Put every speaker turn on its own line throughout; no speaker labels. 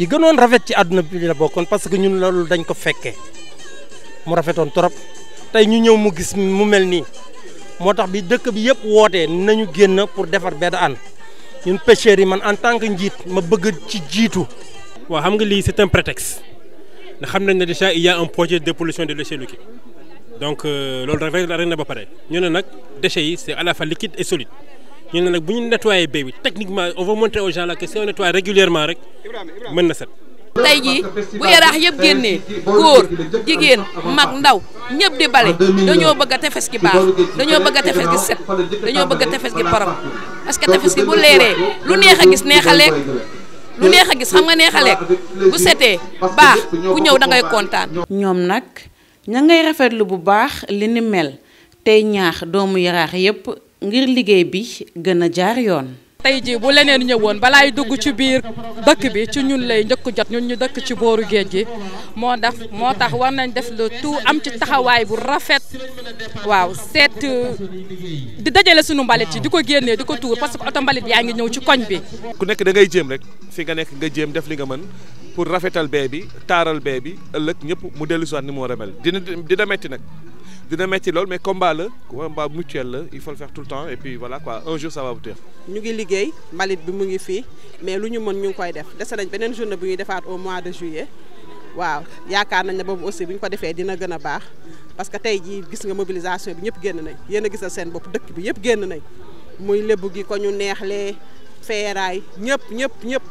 yi gënon rafet ci aduna bi la bokkon parce que ñun loolu dañ ko fekke mu rafeton torop tay ñu ñew mu gis mu melni motax bi dekk bi yépp woté nañu genn pour
défar bédd an ñun pêcheur yi man en tant que njit ma bëgg ci jitu wa xam nga li c'est un prétexte ndax xam nañ ne déjà il y a un projet de pollution de déchets liquides donc euh, loolu la rek na ba paré ñu ne nak déchets yi c'est à la fois liquide et solide. ñu ne nag bu ñu bi techniquement on va montrer aux gens mën na set.
tey yëpp génnee góor jigéen ndaw ñëpp di bale bëgg tefes gi dañoo bëgg tefes dañoo bëgg tefes gi param parce que tefes gi bu leeree lu neex a gis neex a lekk
lu neex a gis xam nga neex a lekk bu setee baax ku ñëw da ngay kontaan.
ñoom nag ña ngay rafetlu bu baax li ni mel tey ñaax doomu yaraax yëpp. ngir liggéey bi gën a jaar yoon. tey jii bu leneen ñëwoon balaay dugg ci biir dëkk bi ci ñun lay njëkk jot ñun ñu dëkk ci booru géej gi moo daf moo tax war nañ def le tout am ci taxawaay bu rafet waaw seet euh, di dajale sunu mbalit yi di ko génnee di ko tuur parce que oto mbalit yaa ngi ñëw ci koñ bi.
ku nekk da ngay jéem rek fi nga nekk nga jéem def li nga mën pour rafetal bee bi taaral bee bi ëllëg ñëpp mu dellu si ni mu war a mel dina dina metti nag. dina metti l'ol mais combat la combat mutuel la il faut le faire tout le temps et puis voilà quoi un jour ça va aboutir.
ñu ngi liggéey malit bi mu ngi fi mais lu ñu mën ñu koy def dessa nañ benen journée bu ñuy defaat au mois de juillet waaw yaakaar nañ ne boobu aussi bu ñu ko defee dina gën a baax parce que tey jii gis nga mobilisation bi ñëpp génn nañ yéen a gisal seen bopp dëkk bi yëpp génn nañ muy lébu gi ko ñu neexlee feeraay ñëpp ñëpp ñëpp.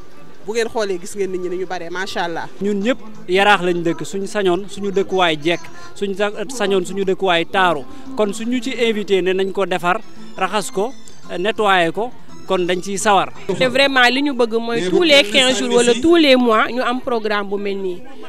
bu ngeen xoolee gis ngeen nit ñi ni ñu baree macha allah. ñun ñëpp yaraax lañ dëkk suñu sañoon suñu dëkkuwaay jekk suñu sa sañoon suñu dëkkuwaay taaru kon suñu ci invité ne nañ ko defar raxas ko nettoyé ko kon dañ ciy sawar. te vraiment li ñu bëgg mooy tous les 15 jours wala tous les mois ñu am programme bu mel nii.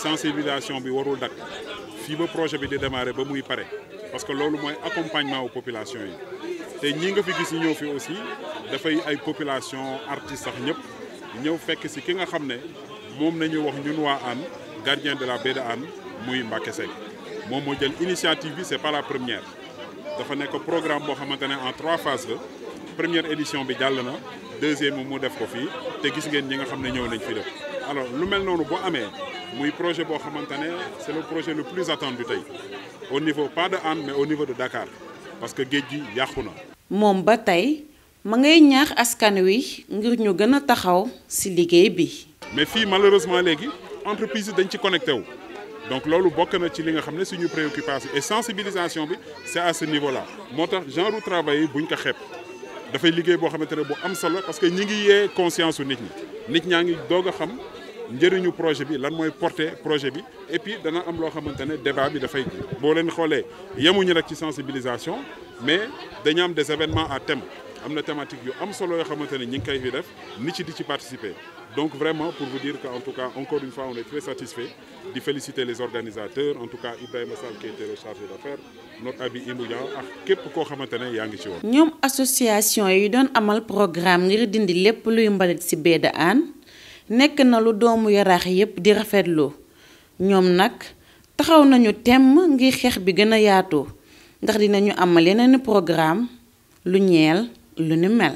sensibilisation bi warul dak fi ba projet bi di démarrer ba muy paré parce que lolu moy accompagnement aux populations yi té ñi nga fi gis ñeu fi aussi da fay ay population artistes sax ñëpp ñeu fekk ci ki nga xamné mom nañu wax ñun waa Hann gardien de la baie de Hann muy Mbacké sé mom mo jël initiative bi c'est pas la première da fa nek programme bo xamante en trois phases la première édition bi jall na deuxième mu def ko fi té gis ngeen ñi nga xam ne ñëw nañ fi def alors lu mel nonu boo amé mon projet boo xamante c'est le projet le plus attendu au niveau pas de Hann mais au niveau de Dakar parce que géej gi
Mon na. ba tey ma ngay ñaax askan wi ngir ñu gëna taxaw
ci liggéey bi. mais fi malheureusement léegi entreprise dañ ci connecté wu donc lolu bokk na ci li nga xamné suñu préoccupation et sensibilisation bi c'est à ce niveau là Motax genre de travail buñ ko xeeb. dafay liggéey boo xamante ne am solo parce que ñi ngi yé conscience nit ñi nit ñaa ngi xam njëriñu projet bi lan moy porté projet bi et puis dana am lo xamante débat bi fay bo leen xolé yamuñu rek ci sensibilisation mais dañu am des événements à thème amna thématique yu am solo yoo xamante ne koy fi def ni ci di ci participer donc vraiment pour vous dire que en tout cas encore une fois on est très satisfait di féliciter les organisateurs en tout cas Ibrahima Sall qui était le chargé d'affaires notre ami Imoudia ak képp ko xamante yaangi ci won ñom
association yu doon amal programme ngir dindi lepp luy mbalit ci baie nekk na lu doomu yaraax yépp di rafetlu ñoom nag taxaw nañu temm ngir xeex bi gën a yaatu ndax dinañu amal yeneen programme lu ñeel lu ni mel